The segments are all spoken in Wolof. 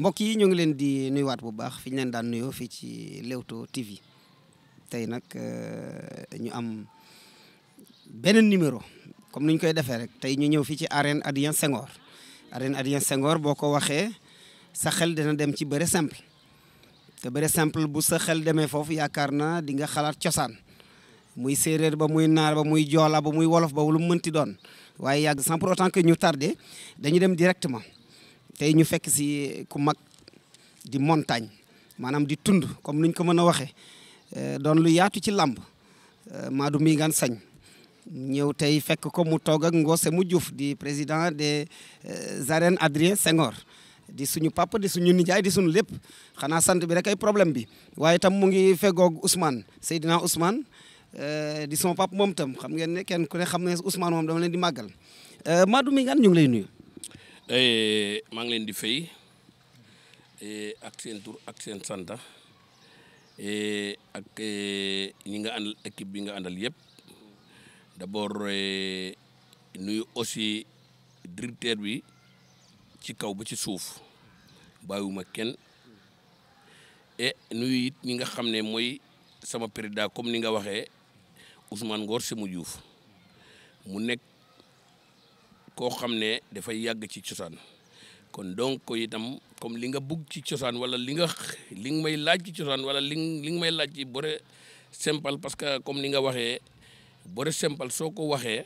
mbokk yi ñu ngi leen di nuyuwaat bu baax fi ñu leen daan nuyoo fii ci Leewtoo TV tey nag euh, ñu am beneen numéro comme ni koy defee rek tey ñu ñëw fii ci arène Adrien Senghor arène Adrien Senghor boo ko waxee sa xel dina dem ci bëre simple te bëre semple bu sa xel demee foofu yaakaar naa di nga xalaat cosaan muy séeréer ba muy naar ba muy joola ba muy wolof ba lu mu mënti doon waaye yàgg sans pour que ñu tardé dañu dem directement tey ñu fekk si ku mag di montagne maanaam di tund comme nuñ ko mën a waxee eh, doon lu yaatu ci làmb eh, Maadu Mingane sañ ñëw tey fekk ko mu toog ak Ngose mu Diouf di président des eh, arènes Adrien Senghor di suñu papa di suñu nijaay di suñu lépp xanaa sant bi rek ay problème bi waaye tam mu ngi feggoog Ousmane Seydina Ousmane di sama papa moom itam xam ngeen ne kenn ku ne xam ne Ousmane moom dama leen di màggal Maadu Mingane ñu ngi lay nuyu. Eh, maa ngi leen di fay eh, ak seen tur ak seen santa eh, ak ñi nga àndal équipe bi nga àndal yëpp d'abord nuyu aussi directeur bi ci kaw ba ci suuf bàyyiwuma kenn et nuyu it ñi nga xam ne mooy sama président comme ni nga waxee Ousmane Ngor Semou Diouf mu nekk koo xam ne dafay yàgg ci cosaan kon donc itam comme li nga bugg ci cosaan wala li nga li nga may laaj ci cosaan wala li li nga may laaj ci bore simple parce que comme ni nga waxee bore simple soo ko waxee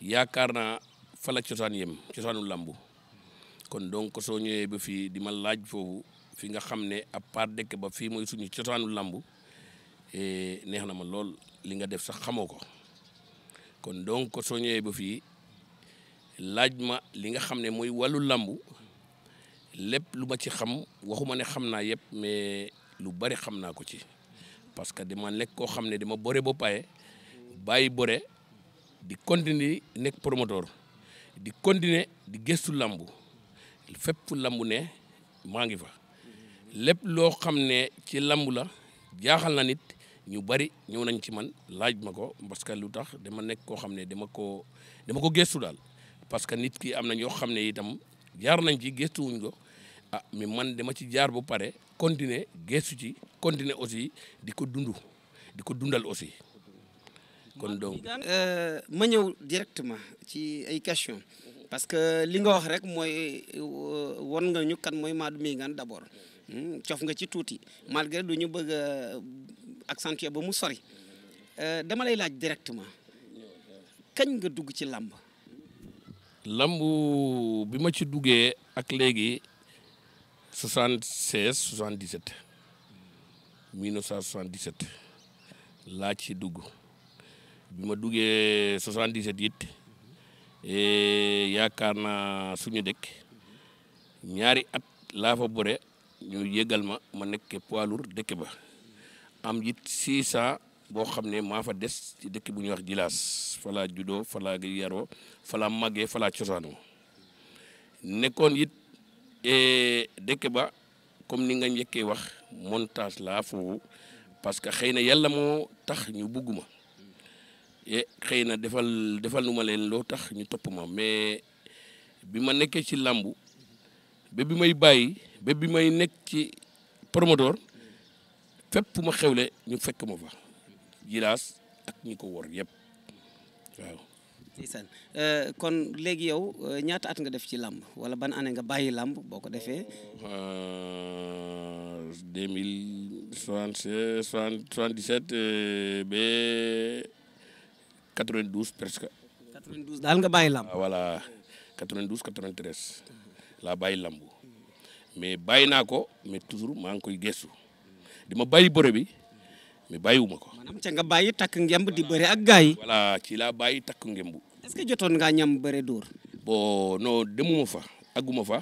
yaakaar naa fala la cosaan yem cosaanu lambu kon donc soo ñëwee ba fii di ma laaj foofu fi nga xam ne à part dëkk ba fii mooy suñu cosaanu làmbu e, neex na ma lool li nga def sax xamoo ko kon donc soo ñëwee ba fii laaj ma li nga xam ne mooy wallu lambu lépp lu ma ci xam waxuma ne xam naa yëpp mais lu bari xam naa ko ci parce que dama nekk koo xam ne dama bore ba paye bàyyi bore di continuer nekk promoteur di continuer di gëstu lambu fépp fu làmb ne maa ngi fa lépp loo xam ne ci lambu la jaaxal na nit ñu bari ñëw nañ ci man laaj ma ko parce que lu tax dama nekk koo xam ne dama ko dama ko gëstu daal parce que nit ki am na ñoo xam ne itam jaar nañ ci gëstuwuñ ko ah mi man dama ci jaar bu pare continuer gëstu ci continuer aussi di ko dundu di ko dundal aussi kon donc. Euh, ma ñëw directement ci ay question parce que li nga wax rek mooy euh, won nga ñu kan mooy Madou Mingane d'abord hmm, cof nga ci tuuti malgré du ñu bëgg a accentuer ba mu sori euh, dama lay laaj directement kañ nga dugg ci làmb lamb bi ma ci duggee ak léegi soixante seize soixante dix sept mille neuf soixante dix sept laa ci dugg bi ma duggee soixante dix sept it eh, yaakaar naa suñu dëkk ñaari at laa fa bëre ñu yëgal ma ma nekk poids lourd dëkk ba am it six cent boo xam ne maa fa des ci dëkk bu ñuy wax Jilaas falaa juddoo falaa yaroo falaa màggee falaa cosaanoo nekkoon it eh, dëkk ba comme ni nga njëkkee wax montage laa foofu parce que xëy na yàlla moo tax ñu bugg e xëy na defal defal nu ma leen loo tax ñu topp ma mais bi ma nekkee ci làmbu ba bi may bàyyi ba bi may nekk ci promoteur fépp fu ma xewle ñu fekk ma fa Djilass ak ñi ko wor yëpp euh, kon léegi yow euh, ñaata at nga def ci làmb wala ban année nga bàyyi làmb boo ko defee. Euh, deux mille soixante soixante dix sept ba quatre presque. quatre daal nga bàyyi lamb wala ah, quatre vingt douze laa bàyyi làmb mais bàyyi naa ko mais toujours maa ngi koy gëstu di ma bàyyi bi. mais bàyyiwuma ko. maanaam ca nga bàyyi takk ngemb di bëre ak gars yi. voilà ci laa bàyyi takk ngemb. est-ce que jotoon ngaa ñam bëre dóor. bon non demuma fa agguma fa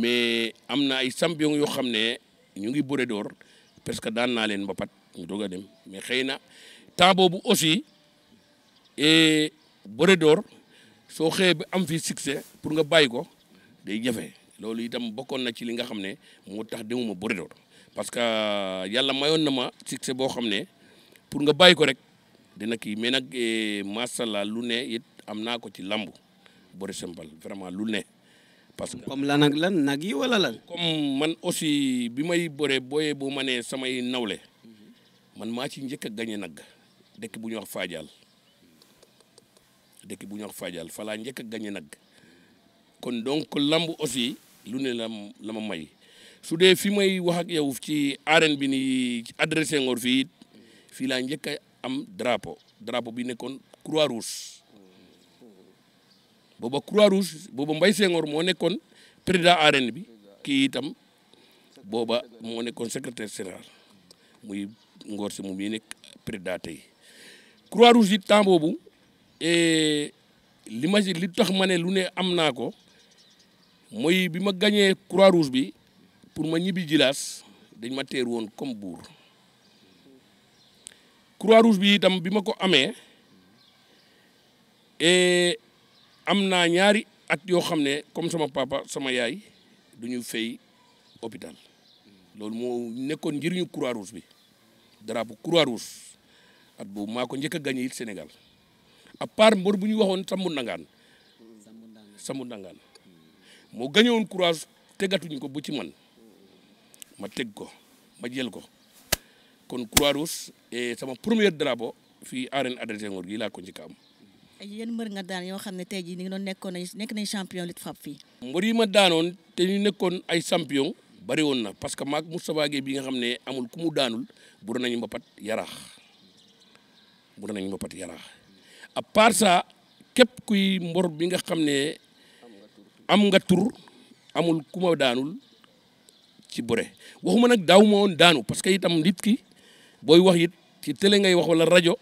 mais am na ay champion yoo xam ne ñu ngi bëre dóor parce que daan naa leen mbapat ñu doog a dem mais xëy na temps boobu aussi et bëre dóor soo xëyee bi am fi succès pour nga bàyyi ko day jafe loolu itam bokkoon na ci li nga xam ne moo tax demuma bëre dóor. parce que euh, yàlla mayoon na ma succès boo xam ne pour nga bàyyi ko rek dina kii mais nag eh, masala lu ne it am naa ko ci lamb bori sembal vraiment lu ne. parce que comme lan ak lan nag yi wala lan. comme man aussi bi may bëree booyee bu ma samay nawle man maa ci njëkk gañe nag dëkk bu ñuy wax Fadial dëkk bu ñuy wax falaa njëkk a gañe nag kon donc lamb aussi lu ne la la ma may. su dee fi may wax ak yow ci arène bi ni adressé ngoor fii it fii laa njëkk a am drapo drapo bi nekkoon croix rouge booba croix rouge booba Mbaye Senghor moo nekkoon président arène bi kii itam booba moo nekkoon secrétaire général muy Ngor si moom yi nekk président tey croix rouge it temps boobu eh, li ma li tax ma ne lu ne am naa ko moy bi ma gañee croix rouge bi pour ma ñibbi jilaas dañ ma teer woon comme buur Croix-Rouge bi itam bi ma ko amee et eh, am naa ñaari at yoo xam ne comme sama papa sama yaay du ñu fay hôpital loolu moo nekkoon njëriñu Croix-Rouge bi drapeau Croix-Rouge at boobu maa ko njëkk a gagné it Sénégal à part mbër bu ñu waxoon Sambu Ndangaan Sambu Ndangaan moo gagné woon Croix-Rouge tegatuñu ko bu ci man ma teg ko ma jël ko kon Croix-Rouge et sama première drapeau fii arène adressé ngoor gi laa ko njëkk am. ay yéen mbër daan yoo xam ne tey jii ni nga doon nekkoon nekk nañ champion lutte frappe fii. mbër yi ma daanoon te ñu nekkoon ay champion bari woon na parce que maak Moustapha Gueye bi nga xam ne amul ku mu daanul bur nañu mbapat yaraax bur nañu mbapat yaraax à part ça képp kuy mbor bi nga xam ne am nga tur amul ku daanul. ci bure waxuma nag daaw ma woon daanu parce que itam nit ki booy wax it ci télé ngay wax wala rajo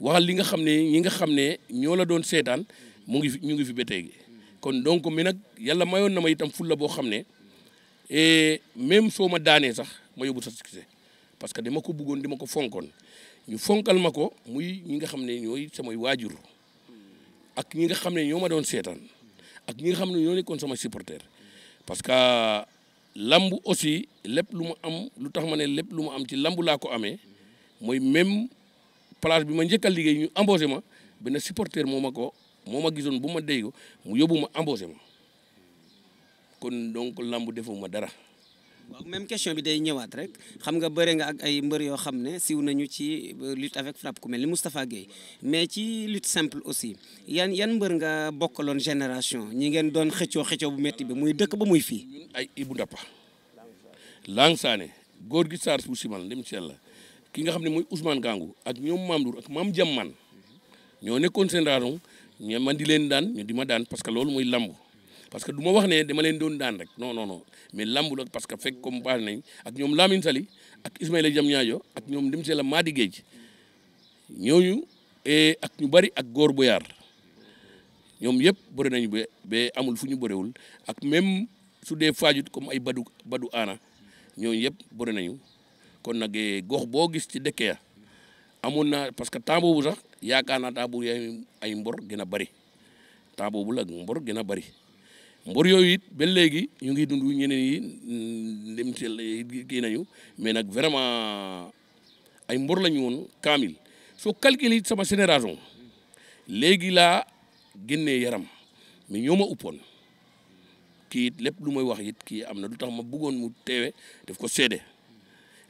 waxal li nga xam ne ñi nga xam ne ñoo la doon seetaan mu ngi fi ñu ngi fi ba tey kon donc mi nag yàlla mayoon na ma itam fulla boo xam ne e même soo ma daanee sax ma yóbbu sa succès parce que dama ko bëggoon dama ko fonkoon ñu fonkal ma ko muy ñi nga xam ne ñooy samay waajur ak ñi nga xam ne ñoo ma doon seetaan ak ñi nga xam ne ñoo nekkoon sama supporter parce que lamb aussi lépp lu mu am lu tax ma ne lépp lu mu am ci lamb laa ko amee mooy même place bi ma njëkk a liggéey ñu embauché ma benn supporter moo ma ko moo ma gisoon bu ma dey mu yóbbu ma embauché ma kon donc lamb ma dara. waaw même question bi day ñëwaat rek xam nga bëre nga ak ay mbër yoo xam ne siw nañu ci euh, lutte avec frappe ku mel ni Moustapha Guèye mais ci lutte simple aussi yan yan mbër nga bokkaloon génération ñi ngeen doon xëccoo xëccoo bu métti bi muy dëkk ba muy fii. ñun ay Ibou Ndappa Lang góor gi Sarr su simal dem ci yàlla ki nga xam ne mooy Ousmane Gangou ak ñoom Maam Ndour ak Maam Jamman ñoo nekkoon seen raadon ñu man di leen daan ñu di ma daan parce que loolu mooy lambu. parce que du ma wax ne dama leen doon daan rek non non non mais lambu la parce que fekk comme baax nañ ak ñoom Lamine Sali ak jam Diamniadio ak ñoom dem see la Madi Guèye ñooñu eh, ak ñu bari ak góor bu yaar ñoom yëpp bëri nañu ba amul fu ñu bëriwul ak même su dee faajut comme ay badu badu aana ñooñu yëpp bëri nañu kon nag eh, gox boo gis ci dëkk ya amoon naa parce que temps bu sax yaakaar naa taa bu ay mbor gën a bëri temps boobu la mbor gën a bëri mbor yooyu it ba léegi ñu ngi dund ñeneen yi lim mm, kii nañu mais nag vraiment ay mbor lañu woon kaamil soo calculer it sama génération léegi laa génne yaram mais ñoo ma uppoon kii it lépp lu may wax it kii am na lu tax ma bëggoon mu teewe def ko seede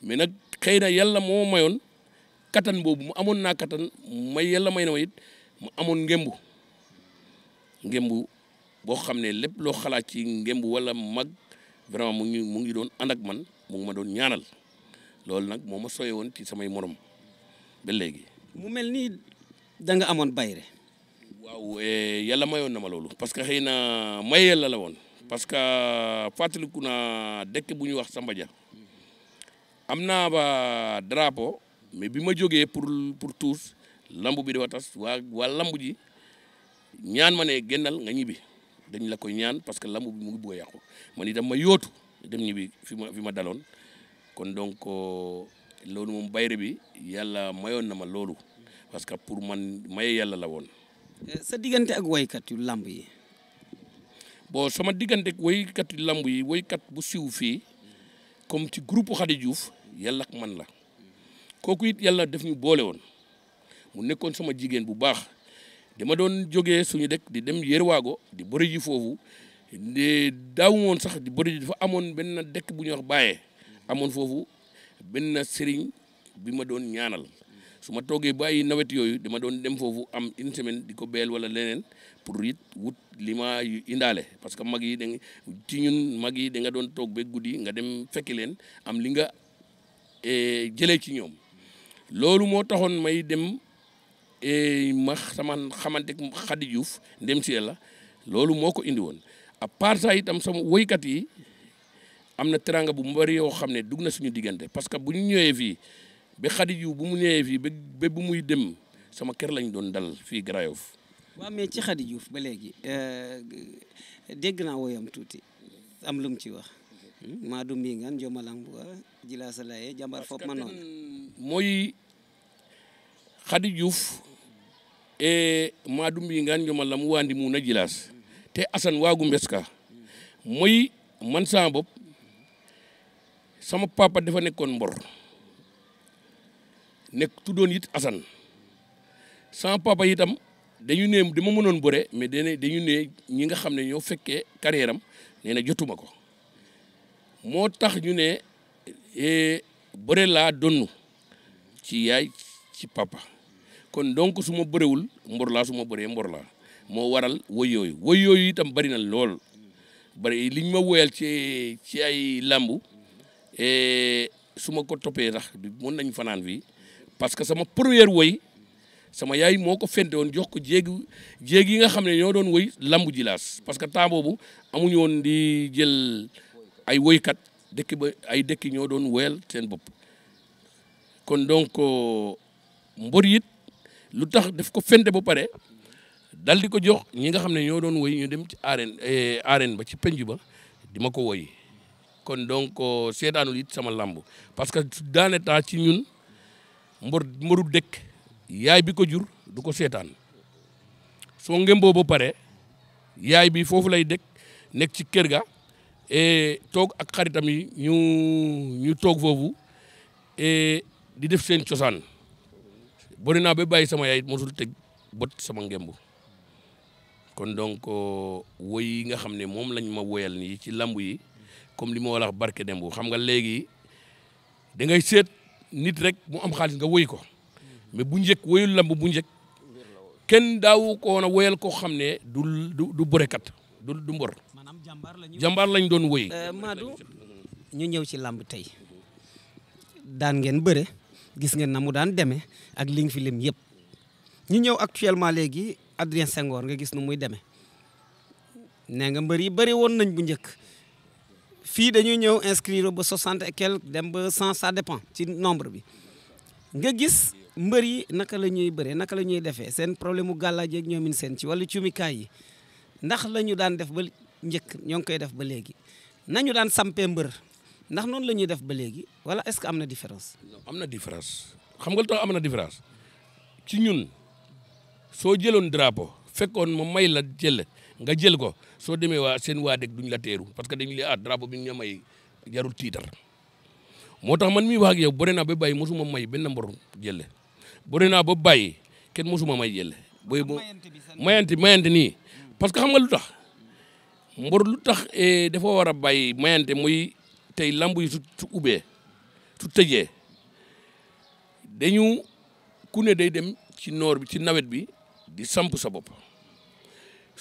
mais nag xëy na yàlla moo mayoon kattan boobu mu amoon naa kattan may yàlla may na ma it mu amoon ngembu ngembu boo xam ne lépp loo xalaat ci ngemb wala mag vraiment mu ngi mu ngi doon ànd man mu ngi ma doon ñaanal loolu nag moo ma sooye woon ci samay morom ba léegi. mu mel ni da nga amoon bayre waaw eh, yàlla mayoon na ma loolu. parce que xëy na may yàlla la woon. parce que fàttaliku naa dëkk bu ñuy wax Samba Dia am naa ba drapeau mais bi ma jógee pour pour tous lamb bi dafa tas waa waa lamb ji ñaan ma ne génnal nga ñibi dañ la koy ñaan parce que lamb bi mu ngi bëgg a yàqu man itam ma yóotu dem ñibbi fi ma fi ma daloon kon donc euh, loolu moom bayre bi yàlla mayoon na ma loolu parce que pour man maye yàlla la woon. Euh, sa diggante ak woykat yu lamb yi. bon sama diggante ak woykat yu lamb yi woykat bu siw fii comme ci groupe Khady Diouf yàlla ak man la kooku it yàlla def ñu boole woon mu nekkoon sama jigéen bu baax. ma doon jógee suñu dekk di dem Yërwaago di bëri ji foofu di daaw woon sax di bëri ji amoon benn dekk bu ñuy wax amoon foofu benn seriñ bi ma doon ñaanal su ma toogee bàyyi nawet yooyu di ma doon dem foofu am une semaine di ko beel wala leneen pour it wut li ma indaale parce que mag yi da ci ñun mag yi da nga doon toog ba guddi nga dem fekki leen am li nga eh, jëlee ci ñoom loolu moo taxoon may dem Eh, ma sama xamante Khady juuf ndem si loolu moo ko indi woon à part ça itam sama woykat yi am na teranga bu mu bari yoo xam ne dugg na suñu diggante parce que bu ñu ñëwee fii ba Khady Diouf bu mu ñëwee fii ba bu muy dem sama kër lañ doon dal fii Garaayof. waaw ci Khady Diouf ba léegi euh, dégg naa woyam tuuti am lu mu ci wax. Hmm? maa du mbingan jomalanbuwa ah, jila salaye jambar fop ma noon mooy Khady Diouf e maɗum wigan jom allah mo mu mum najilas te asan wagu beska moyi man sama bopp sama papa dafa nekkoon mbor nekk tu doon it asan sama papa itam dañu ne dama mënoon bëre mais dañu dañu ne ñi nga xam ne ñoo fekkee carrière am nee na jotuma ko moo tax ñu ne e, bëre laa donnu ci yaay ci papa kon donc su ma bëréwul mbor laa su ma bëree mbor laa moo waral woy yooyu woy yooyu itam bëri na lool bëri liñ ma woyal ci ci ay làmb eh, su ma ko toppee sax mën nañ fanaan fii parce que sama première woy sama yaay moo ko fente woon jox ko jéeg jéeg yi nga xam ne ñoo doon woy lambu jilaas parce que temps boobu amuñu woon di jël ay woykat dëkk ba ay dëkk ñoo doon woyal seen bopp kon donc mbër it lu tax def ko fente ba pare dal di ko jox ñi nga xam ne ñoo doon woy ñu dem ci arène eh, arène ba ci penju ba di ma ko woy kon donc euh, seetaanul it sama làmb parce que daane taa ci ñun mbor mboru dëkk yaay bi ko jur du ko seetaan soo ngemboo ba pare yaay bi foofu lay dëkk nekk ci kër ga et eh, toog ak xaritam yi ñu ñu toog foofu et eh, di def seen cosaan bëri naa ba bàyyi sama yaay mosul teg bët sama ngemb kon donc euh, woyi nga xam ne moom lañ ma woyal nii ci lamb yi comme li ma wala barke dembu xam nga léegi da ngay seet nit rek mu am xaalis nga woy ko mais bu njëkk woyul lamb bu njëkk kenn daawu ko woon a woyal koo xam ne du du du bërekat du du mbor jàmbaar lañ doon woy euh, Madou ñu ñëw ci lamb tey daan ngeen bëre gis nga na mu daan demee ak ling nga fi lim yëpp ñu ñëw actuellement léegi Adrien Senghor nga gis nu muy demee nee nga mbër yi bëri woon nañ bu njëkk fii dañuy ñëw inscrire ba soixante et quelque dem ba cent ça dépend ci nombre bi nga gis mbër yi naka la ñuy bëree naka la ñuy defee seen problème mu gàllaaj ak ñoomin seen ci wàllu cumikaay yi ndax lañu daan def ba njëkk ñoo ngi koy def ba léegi nañu daan sampe mbër ndax noonu la ñuy def ba léegi wala est-ce que am na différence. am na différence xam nga lu tax am na différence ci ñun soo jëloon drapeau fekkoon ma may la jël nga jël ko soo demee waa seen waa dëkk duñ la teeru parce que dañu li ah drapeau bi ñu la may jarul tiitar moo tax man mii wax ak yow bëri naa ba bàyyi mosuma may benn mbor jëlle bëri naa ba bàyyi kenn mosuma may jëlle boy bo mayante mayante nii parce que xam nga lu tax mbor lu tax eh, dafa war a bàyyi mayante muy tey lamb yi su su ubbee su tëjee dañu ku ne day dem ci noor bi ci nawet bi di samp sa bopp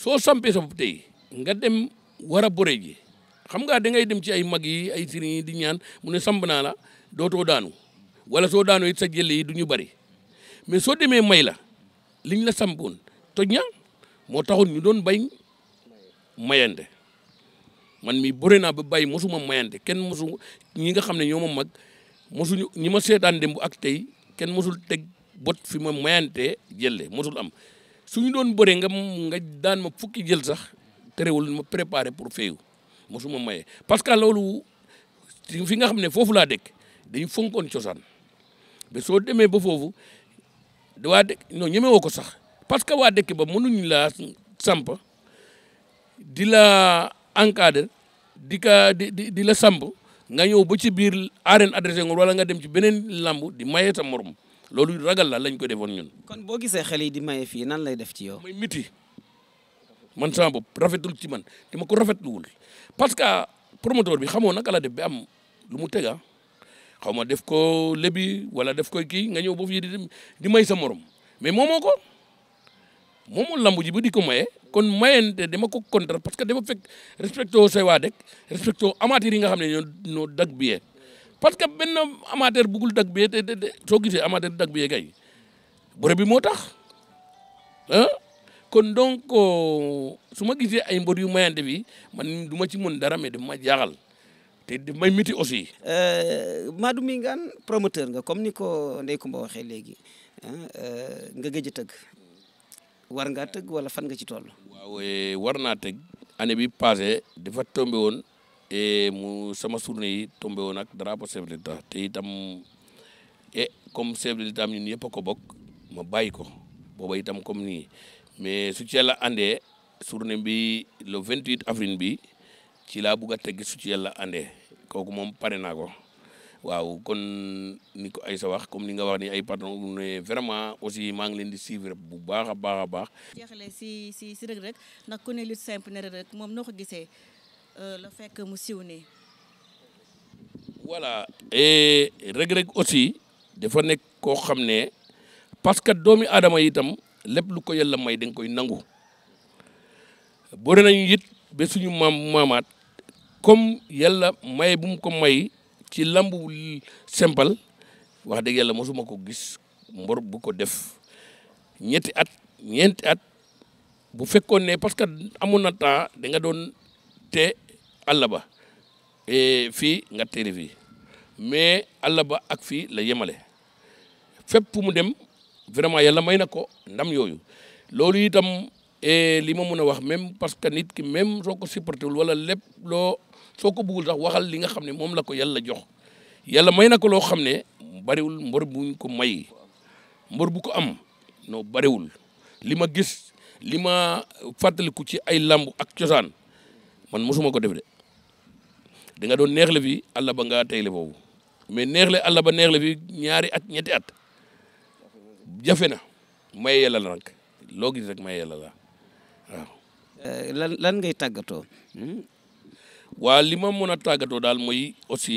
soo sampee sa tey nga dem war a bore ji xam nga da dem ci ay mag yi ay sëriñ yi di ñaan mu ne samp naa la dootoo daanu wala soo daanoo it sa jël yi du bari mais soo demee may la liñ la sampoon toj na moo taxoon ñu doon bañ mayande man mi bëri naa ba bàyyi mosuma mayante kenn mosu ñi nga xam ne ñoo ma mag mosuñu ñi ma seetaan démb ak tey kenn mosul teg bot fi ma mayante jëlle mosul am suñu doon bëree nga nga daan ma fukki jël sax terewul ma préparé pour feeyu mosuma maye parce la wolu fi nga xam ne foofu laa dëkk dañu fonkoon cosaan mais soo demee ba foofu waa dëkk non ñemewoo ko sax parce que waa dëkk ba mënuñ laa samp di la encadré di ka di di di la samb nga ñëw ba ci biir arène adressé nga wala nga dem ci beneen lamb di maye sa morom loolu ragal la lañ ko defoon ñun. kon boo gisee xel yi di maye fii nan lay def ci yow. muy miti man sama rafet rafetul ci man te ma ko rafetluwul parce que promoteur bi xamoo naka la def bi am lu mu tega xaw ma def ko lebi wala def koy kii nga ñëw ba fii di di may sa morom mais moomoo ko moomoo lamb ji ba di ko maye kon mayente dama ko contre parce que dama fekk respecté woo say waa dëkk yi nga xam ne ñoo ñoo dag billet parce que benn amateur bëggul dag billet te te soo gisee amateur dag billet kay bëre bi moo tax kon donc euh, su ma gisee ay mbër yu mayante bi man duma ma ci mën dara mais daf ma jaaxal te di may miti aussi. Euh, Madou Mbingane promoteur nga comme ni ko Ndeye Coumba waxee léegi euh, nga gëj tëgg. war ngaa tëgg wala fan nga ci toll. waaw eh, war naa tëgg. année bi passé dafa tombe woon eh, mu sama journée yi tombé woon nag drapeau chef de l'État te itam e comme chef de l'État ñun yëpp a ko bokk ma bàyyi ko booba itam comme nii mais su ci yàlla andee journée bi le 28 avril bi ci laa bugg a tëgg su ci yàlla andee kooku moom pare naa ko. waaw kon ni ko Aïssa wax comme ni nga wax ni ay patron ne vraiment aussi maa ngi leen di suivre bu baax a baax a baax. jeexale si si si rëg-rëg ndax ku ne lutte simple ne rëg moom noo ko gisee euh, la fekk mu siw nii. voilà et rëg aussi dafa nekk koo xam ne parce que doomi aadama yitam lépp lu ko yàlla may da koy nangu boole nañu it ba suñu maam maamaat comme yàlla may bum mu ko may. ci lamb simple wax dëgg yàlla mosuma ko gis mbor bu ko def ñetti at ñeenti at bu fekkoon ne parce que amoon na temps da nga doon te àll ba fii nga tere fii mais àll ba ak fii la yemale fépp mu dem vraiment yàlla may na ko ndam yooyu loolu itam li ma mën a wax même parce que nit ki même soo ko supporté wul wala loo soo ko bëggul sax waxal li nga xam ne moom la ko yàlla jox yàlla may na ko loo xam ne bariwul mbor buñ ko may mbor bu ko am no bariwul li ma gis li ma fàttaliku ci ay làmb ak cosaan man mosuma ko def de da nga doon neexle fi àll ba ngaa teyle boobu mais neexle àll ba neexle fi ñaari at ñetti at jafe na may yàlla la nag loo gis rek may yàlla la waaw. Euh, lan lan ngay tàggatoo. Hmm? waa li ma mën a tàggatoo daal mooy aussi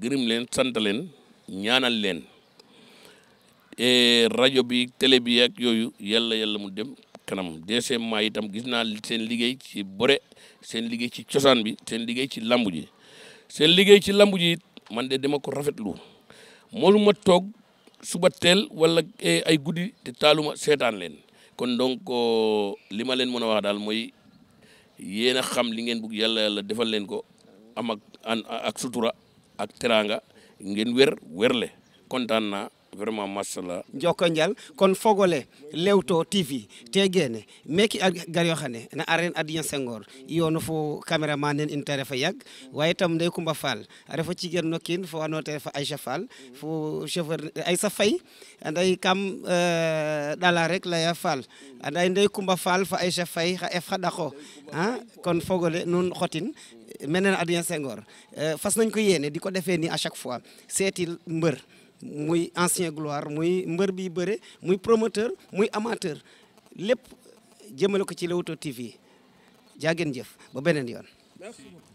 gërëm leen sant leen ñaanal leen e, rajo bi télé bi ak yooyu yalla yalla mu dem kanam deuxième mois itam gis naa seen liggéey ci bore seen liggéey ci cosaan bi seen liggéey ci lamb ji seen liggéey ci lamb ji man de dama ko rafetlu ma toog suba teel wala e, ay guddi te taaluma seetaan leen kon donc li ma leen mën a wax daal mooy yéen a xam li ngeen bugg yàlla yàlla defal leen ko am ak ak sutura ak teraanga ngeen wér wérle kontaan naa vraiment massa la kon fogole lewto tv tegene meki gar yo xane na aren adiyan sengor yono fo cameraman en intere fa yag waye tam ndey kumba fall refa ci gen nokin fo ano fa aisha fall fo chauffeur aisha fay nday kam euh, dala rek la ya fall nday kumba fall fa aisha fay xa ef xadako ha ah, kon fogole nun xotin menen adiyan sengor euh, fas nañ ko yene di ko defé ni a chaque fois setil mbeur muy ancien gloire muy mbër bi bëre muy promoteur muy amateur lépp jëmale ko ci Leewtoo TV jaa jëf ba beneen yoon.